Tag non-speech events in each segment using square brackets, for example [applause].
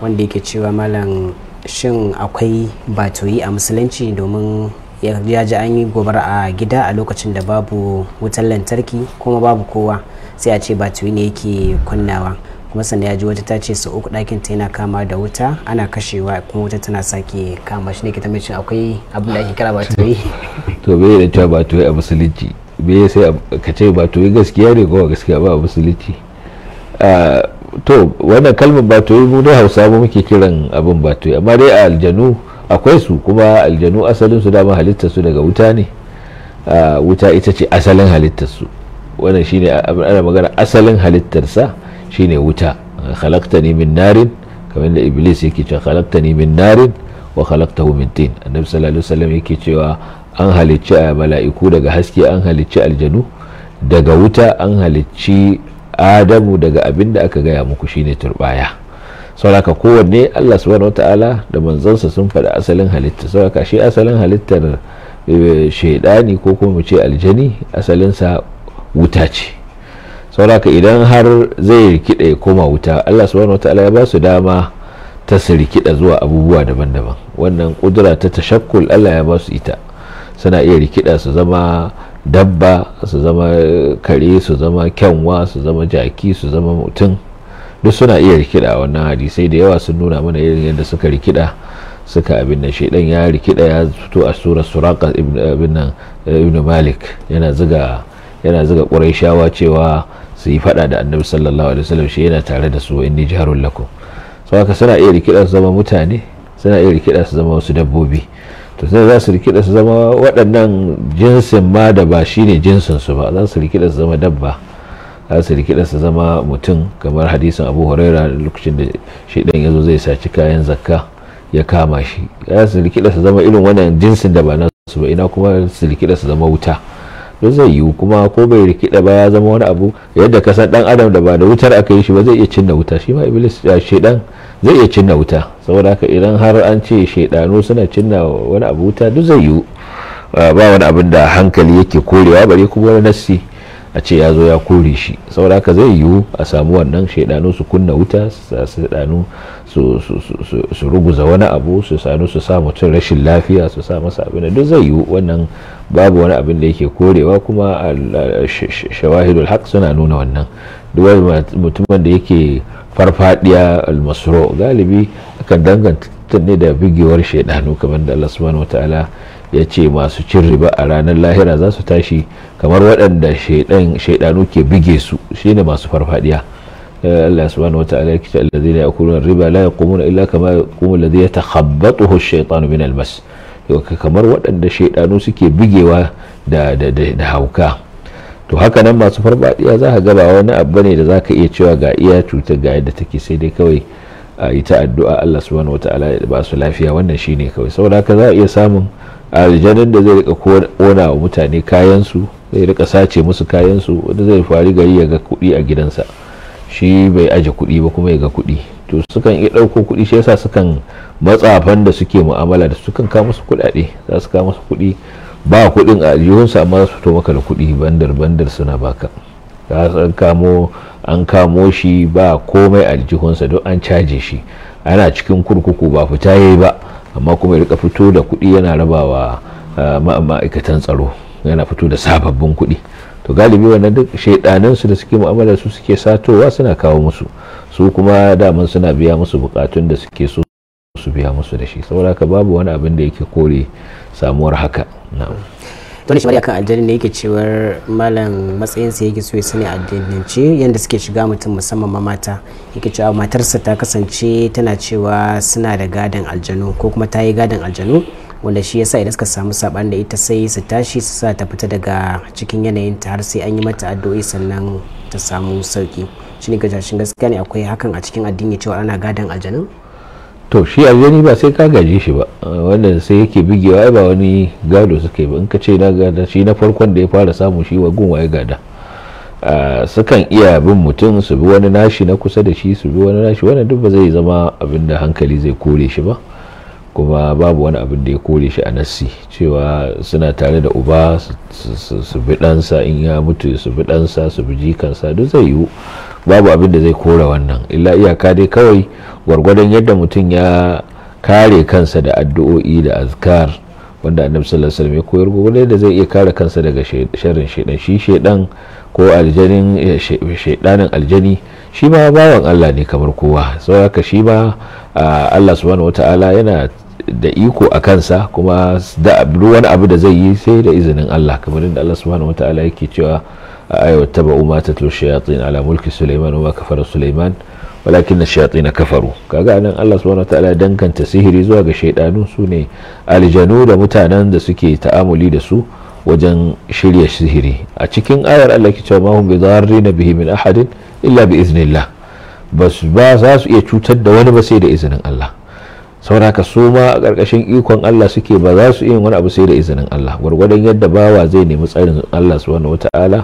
wanda yake cewa malam shin akwai batoyi a musulunci domin ya ji an yi gobara a gida a lokacin da babu wutar lantarki kuma babu kowa sai a ce batoyi ne yake kunnawa kuma sannan ya ji wata ta ce su uku ɗakin ta yana kama da wuta ana kashewa kuma wuta tana sake kama shi ne ke tambayin akwai abin da ake kira batoyi [laughs] to bai da cewa batoyi a musulunci bai sai ka ce batoyi gaskiya ne kowa gaskiya ba a musulunci ah, to wannan kalmar ba mu dai hausa mu muke kiran abin ba to amma dai aljanu akwai su kuma aljanu asalin su dama halittar su daga wuta ne wuta ita ce asalin halittar su wannan shine ana magana asalin halittar sa shine wuta khalaqtani min narin kamar da iblis yake cewa khalaqtani min narin wa khalaqtahu min tin annabi sallallahu alaihi wasallam yake cewa an halicci mala'iku daga haske an halicci aljanu daga wuta an halicci adamu daga abin da aka gaya muku shine turbaya sauraka kowanne allah subhanahu wata'ala da manzansa sun faɗi asalin halitta sauraka shi asalin halittar eh, shaidani ko kuma mu ce aljani asalinsa wuta ce sauraka idan har zai rikida ya koma wuta allah subhanahu wata'ala ya ba su dama ta su rikida zuwa abubuwa daban-daban wannan kudura ta tashakkul allah ya ba su ita suna iya rikida su zama dabba su zama kare su zama kyanwa su zama jaki su zama mutum duk suna iya rikida wannan hadisai da yawa sun nuna mana irin yadda suka rikida suka abin da shaidan ya rikida ya fito a surar suraka ibn malik yana ziga kurai shawa cewa su yi fada da annabi sallallahu alaihi wasallam shi yana tare da su inni jaharul lakum so suna iya rikida su zama mutane suna iya rikida su zama wasu dabbobi to sai za su rikida su zama waɗannan jinsin ma da ba shi ne jinsinsu ba za su rikida su zama dabba za su rikida su zama mutum kamar hadisin abu huraira lokacin da shi ɗan ya zo zai saci kayan zakka ya kama shi za su rikida su zama irin wannan jinsin da ba nasu ba ina kuma su rikida su zama wuta don zai yiwu kuma ko bai rikida ba ya zama wani abu yadda kasan san dan adam da ba da wutar aka yi shi ba zai iya cinna wuta shi ma iblis dan. zai iya cinna wuta saboda haka idan har an ce shaidano suna cinna wani abu wuta duk zai yiwu ba wani abin da hankali yake korewa bare kuma wani nassi a ce ya zo ya kore shi saboda haka zai yiwu a samu wannan shaiɗanu su kunna wuta su ruguza wani abu su sanu su sa mutum rashin lafiya su sa masa abin da duk zai yiwu wannan babu wani abin da yake korewa kuma shawahidul haq suna nuna wannan duk mutumin da yake farfadiya almasro galibi akan danganta ne da bigewar shaidanu kamar da Allah subhanahu wataala ya ce masu cin riba a ranar lahira za su tashi kamar waɗanda shaidanu ke bige su shine masu farfadiya Allah subhanahu wataala ya ce allazina yakuluna riba la yaqumuna illa kama yaqumu alladhi yatakhabbathu ash-shaytanu min al-mas kamar waɗanda shaidanu suke bigewa da hauka to haka nan masu farfadiya za ka gaba wani abu ne da za ka iya cewa ga iya cuta ga yadda take sai dai kawai a yi ta addu'a Allah subhanahu wataala ya ba su lafiya wannan shine kawai saboda haka za a iya samun aljanin da zai rika kona wa mutane kayan su zai rika sace musu kayan su wanda zai fari gari ya ga kuɗi a gidansa shi bai aje kuɗi ba kuma ya ga kuɗi to kan iya ɗauko kuɗi shi yasa sukan matsafan da suke mu'amala da sukan kawo musu kuɗaɗe za su kawo musu kuɗi ba kuɗin a aljihunsa amma su to maka da kuɗi bandar bandar suna baka an kamo an kamo shi ba komai aljihunsa don an caje shi ana cikin kurkuku ba fita yayi ba amma kuma ya rika fito da kuɗi yana rabawa ma'aikatan tsaro yana fito da sababbin kuɗi to galibi wannan duk shaidanin su da suke mu'amala su suke satowa suna kawo musu su kuma daman suna biya musu bukatun da suke so su biya musu da shi saboda haka babu wani abin da yake kore samuwar haka na'am wani shi kan addini ne yake cewar malam matsayinsa yake so ya sani addinance yadda suke shiga mutum musamman ma mata yake cewa matarsa ta kasance tana cewa suna da gadon aljanu ko kuma ta yi gadon aljanu wanda shi yasa idan suka samu saban da ita sai su tashi su sa ta fita daga cikin yanayin ta har sai an yi mata addu'o'i sannan ta samu sauki shi ne gajashin gaskiya ne akwai hakan a cikin addini cewa ana gadon aljanu to shi jini ba sai ka gaji shi ba eh, wannan sai yake bigewa ba wani gado suka yi ba in ka ce na gada shi na farkon da ya fara samu shi wa gunwa ya gada eh, sukan iya bin mutum su bi wani nashi na kusa da shi su bi wani nashi wannan duk ba zai zama abin da hankali zai kore shi ba kuma babu wani abin da ya kore shi a nassi cewa suna tare da uba su bi ɗansa in ya mutu su bi ɗansa su bi jikansa duk zai yiwu babu abin da zai kora wannan illa iyaka dai kawai gwargwadon yadda mutum ya kare kansa da addu'o'i da azkar wanda annabi sallallahu alaihi wasallam ya koyar gobe da zai iya kare kansa daga sharrin shedan shi shedan ko aljanin shedanin aljani shi ma bawan Allah ne kamar kowa sau haka shi ba Allah subhanahu wataala yana da iko a kansa kuma da wani abu da zai yi sai da izinin Allah kamar yadda Allah subhanahu wataala yake cewa أي واتبعوا ما تتلو ala على ملك سليمان وما كفر سليمان walakin shayatin kafaru kaga anan Allah subhanahu wataala dankanta sihiri zuwa ga shaidanu su aljanu da mutanen da suke ta'amali da su wajen shirya sihiri a cikin ayar Allah ke cewa mahum bidarrin bihi min ahadin illa bi iznillah bas ba su iya cutar da wani ba sai da izinin Allah sauraka su ma a ƙarƙashin ikon Allah suke ba za su yin wani abu sai da izinin Allah gwargwadon yadda bawa zai nemi tsarin Allah wata wata'ala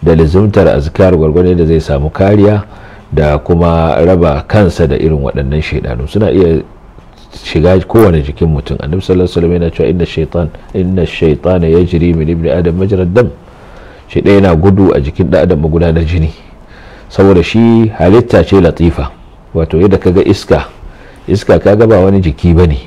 da lizimtar azkar gwargwadon da zai samu kariya da kuma raba kansa da irin waɗannan shaidanu suna iya shiga kowane jikin mutum annabi sallallahu alaihi wasallam yana cewa inna shaytan inna shaytana yajri min ibni adam majrad dam shi ɗaya yana gudu a jikin ɗan adam magudanar jini saboda shi halitta ce latifa wato yadda kaga iska iska ka ba wani jiki bane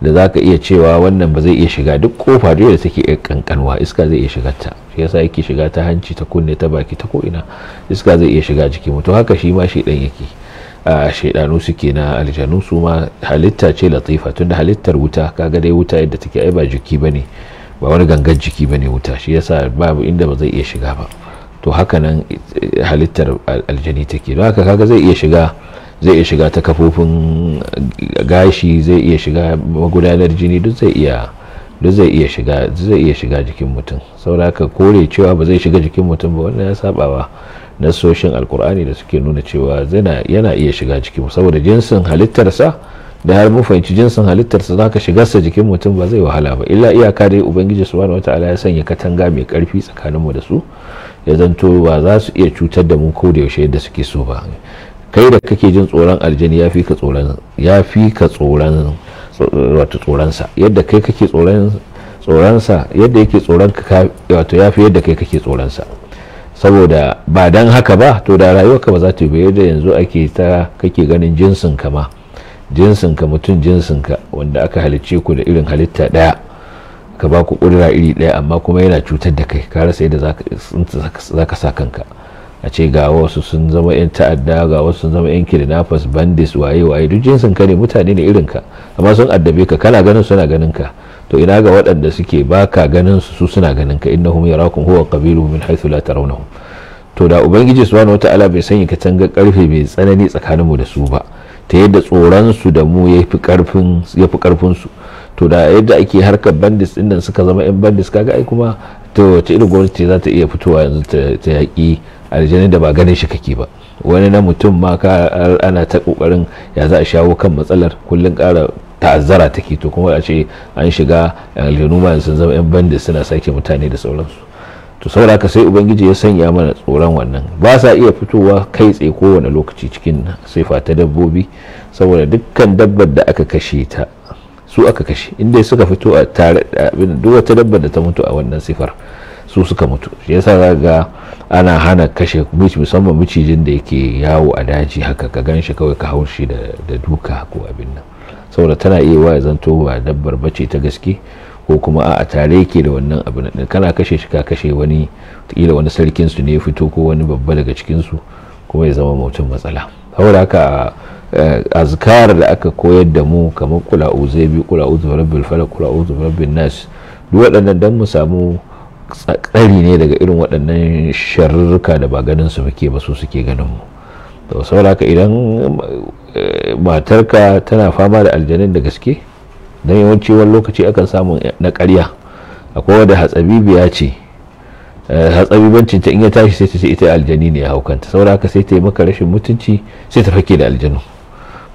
da zaka iya cewa wannan ba zai iya shiga duk kofa da take iya kankanwa iska zai iya shiga ta shi yasa yake shiga ta hanci ta kunne ta baki ta ko ina iska zai iya shiga jiki to haka shi ma shi dan yake a shaidanu suke na aljanu su ma halitta ce latifa tunda halittar wuta kaga dai wuta yadda take ai ba jiki bane ba wani gangan jiki bane wuta shi yasa babu inda ba zai iya shiga ba to haka nan eh, halittar aljani take don haka kaga zai iya shiga zai iya shiga ta kafofin gashi zai iya shiga magudanar jini duk zai iya duk zai iya shiga zai iya shiga jikin mutum saboda aka kore cewa ba zai shiga jikin mutum ba wannan ya sabawa nasoshin alkur'ani da suke nuna cewa yana iya shiga jikin saboda jinsin halittarsa da har mun fahimci jinsin halittarsa shiga sa jikin mutum ba zai wahala ba illa iyaka dai ubangiji subhanahu wataala ya sanya katanga mai karfi tsakaninmu da su ya zanto ba za su iya cutar da mu ko da yaushe yadda suke so ba kai da kake jin tsoron aljani ya fi ka tsoron ya fi ka tsoron wato tsoronsa yadda kai kake tsoron tsoronsa yadda yake tsoron ka wato ya fi yadda kai kake tsoronsa saboda ba dan haka ba to da rayuwarka ba za ta yi yadda yanzu ake ta kake ganin jinsin ka ma jinsin ka mutum jinsin ka wanda aka halicce ku da irin halitta daya ka ba ku kudura iri daya amma kuma yana cutar da kai ka rasa yadda za ka sa kanka a ce ga wasu sun zama 'yan ta'adda ga wasu sun zama 'yan kidnappers bandits waye waye duk jinsin ka ne mutane ne irinka amma sun addabe ka kana ganin suna ganin ka to ina ga waɗanda suke baka ganin su su suna ganin ka innahum yarakum huwa qabilu min haythu la tarawnahum to da ubangiji subhanahu wataala bai sanya katanga karfe mai tsanani tsakaninmu da su ba ta yadda tsoron su da mu yafi karfin yafi karfin su to da yadda ake harkar bandits din nan suka zama yan bandits kaga ai kuma ta wace irin gwamnati za ta iya fitowa yanzu ta yaki aljanin da ba ganin shi kake ba wani na mutum ma ka ana ta kokarin ya za a shawo kan matsalar kullun kara ta'azzara take to kuma a ce an shiga aljanu ma sun zama yan bandits suna sake mutane da sauransu to saboda haka sai ubangiji ya sanya mana tsoron wannan ba sa iya fitowa kai tsaye kowane lokaci cikin sifa ta dabbobi saboda dukkan dabbar da aka kashe ta su aka kashe inda suka fito a tare abin duk wata dabba da ta mutu a wannan sifar su suka mutu shi yasa za ga ana hana kashe musamman macijin da yake yawo a daji haka ka gan shi kawai ka hau shi da duka ko abin nan saboda tana iya wa zanto ba dabbar bace ta gaske ko kuma a tare yake da wannan abin nan kana kashe shi ka kashe wani kila wani sarkin su ne ya fito ko wani babba daga cikin su kuma ya zama mutum matsala saboda haka Eh, azkar da aka koyar da mu kamar kula uzai bi kula uzu rabbil falak kula uzu rabbin nas duk waɗannan dan mu samu tsari ne daga irin waɗannan sharurruka da ba ganin su muke ba su suke ganin mu to saboda idan eh, matarka tana fama da aljanin da gaske dan yawanci wani lokaci akan samu na ƙarya akwai wanda hatsabibiya ce eh, hatsabibancin ta in ya tashi sai ta ce ita aljani ne ya haukanta saboda haka sai ta yi maka rashin mutunci sai ta fake da aljanu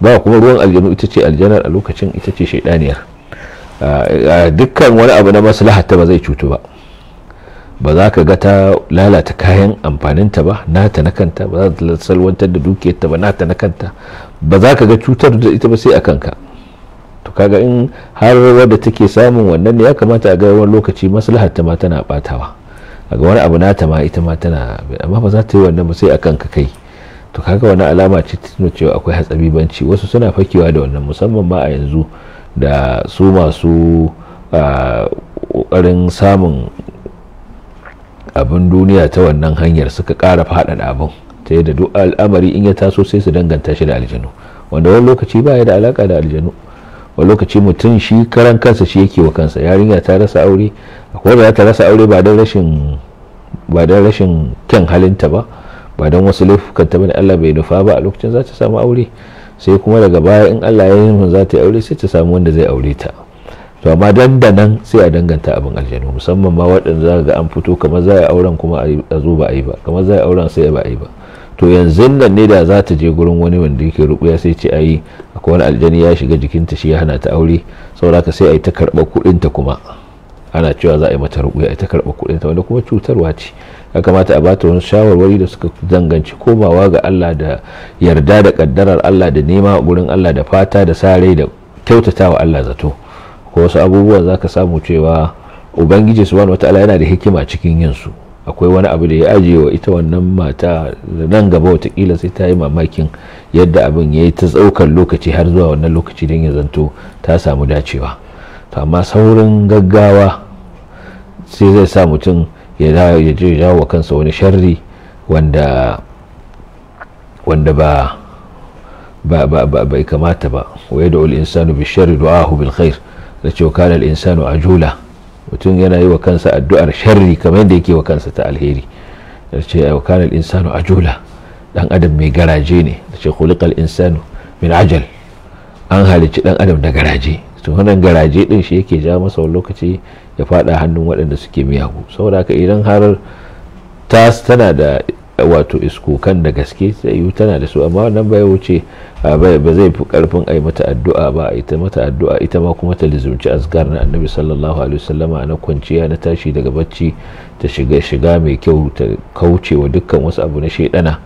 ba kuma ruwan aljanu ita ce aljanar a lokacin ita ce shaidaniyar dukkan wani abu na maslahatta ba zai cutu ba ba za ka ga ta lalata kayan amfaninta ba nata na kanta ba za ta salwantar da dukiyarta ba nata na kanta ba za ka ga cutar da ita ba sai a kanka to kaga in har wadda take samun wannan ne ya kamata a ga wani lokaci ta ma tana batawa a ga wani abu na ta ma ita ma tana amma ba za ta yi wannan ba sai a kanka kai to kaga wani alama ce ta nuna cewa akwai banci wasu suna fakewa da wannan musamman ma a yanzu da su masu ƙoƙarin samun abin duniya ta wannan hanyar suka ƙara faɗaɗa abin ta yadda duk al'amari in ya taso sai su danganta shi da aljanu wanda wani lokaci ba ya da alaka da aljanu wani lokaci mutum shi karan kansa shi yake wa kansa yarinya ta rasa aure akwai ba ta rasa aure ba don rashin ba don rashin kyan halinta ba ba don wasu laifukan ta bane Allah bai nufa ba a lokacin za ta samu aure sai kuma daga baya in Allah ya yi za ta yi aure sai ta samu wanda zai aure ta to amma dan da nan sai a danganta abin aljanu musamman ma waɗanda za ga an fito kamar za a auren kuma a zo ba a yi ba kamar za a auren sai ba a yi ba to yanzu nan ne da za ta je gurin wani wanda yake rubuya sai ce ayi akwai wani aljani ya shiga jikinta shi ya hana ta aure saboda ka sai a yi ta karɓar ta kuma ana cewa za a yi mata rubuya ita karɓa kuɗin ta wanda kuma cutarwa ce ya kamata a bata wani shawarwari da suka zanganci komawa ga Allah da yarda da kaddarar Allah da nema gurin Allah da fata da sare rai da wa Allah zato ko wasu abubuwan za ka samu cewa ubangiji subhanahu wataala yana da hikima cikin yin su akwai wani abu da ya ajiye wa ita wannan mata nan gaba watakila sai ta yi mamakin yadda abin ya yi ta tsaukar lokaci har zuwa wannan lokaci don ya zanto ta samu dacewa to amma saurin gaggawa sai zai sa mutum ya jawo wa kansa wani sharri wanda wanda ba ba ba ba bai kamata ba wa yadda ul insanu bi sharri du'ahu bil khair da cewa kana al insanu ajula mutum yana yi wa kansa addu'ar sharri kamar yadda yake wa kansa ta alheri da ce wa kana al insanu ajula dan adam mai garaje ne da ce al insanu min ajal an halici dan adam da garaje to wannan garaje din shi yake ja masa wani lokaci ya fada hannun waɗanda suke miyagu saboda haka idan har ta tana da wato iskokan da gaske sai tana da su amma wannan bai wuce ba zai fi karfin ai mata addu'a ba ai ta mata addu'a ita ma kuma ta lizumci azkar na annabi sallallahu alaihi wasallama na kwanciya na tashi daga bacci ta shiga shiga mai kyau ta kaucewa dukkan wasu abu na shedana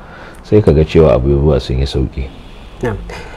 sai kaga cewa abubuwa sun yi sauki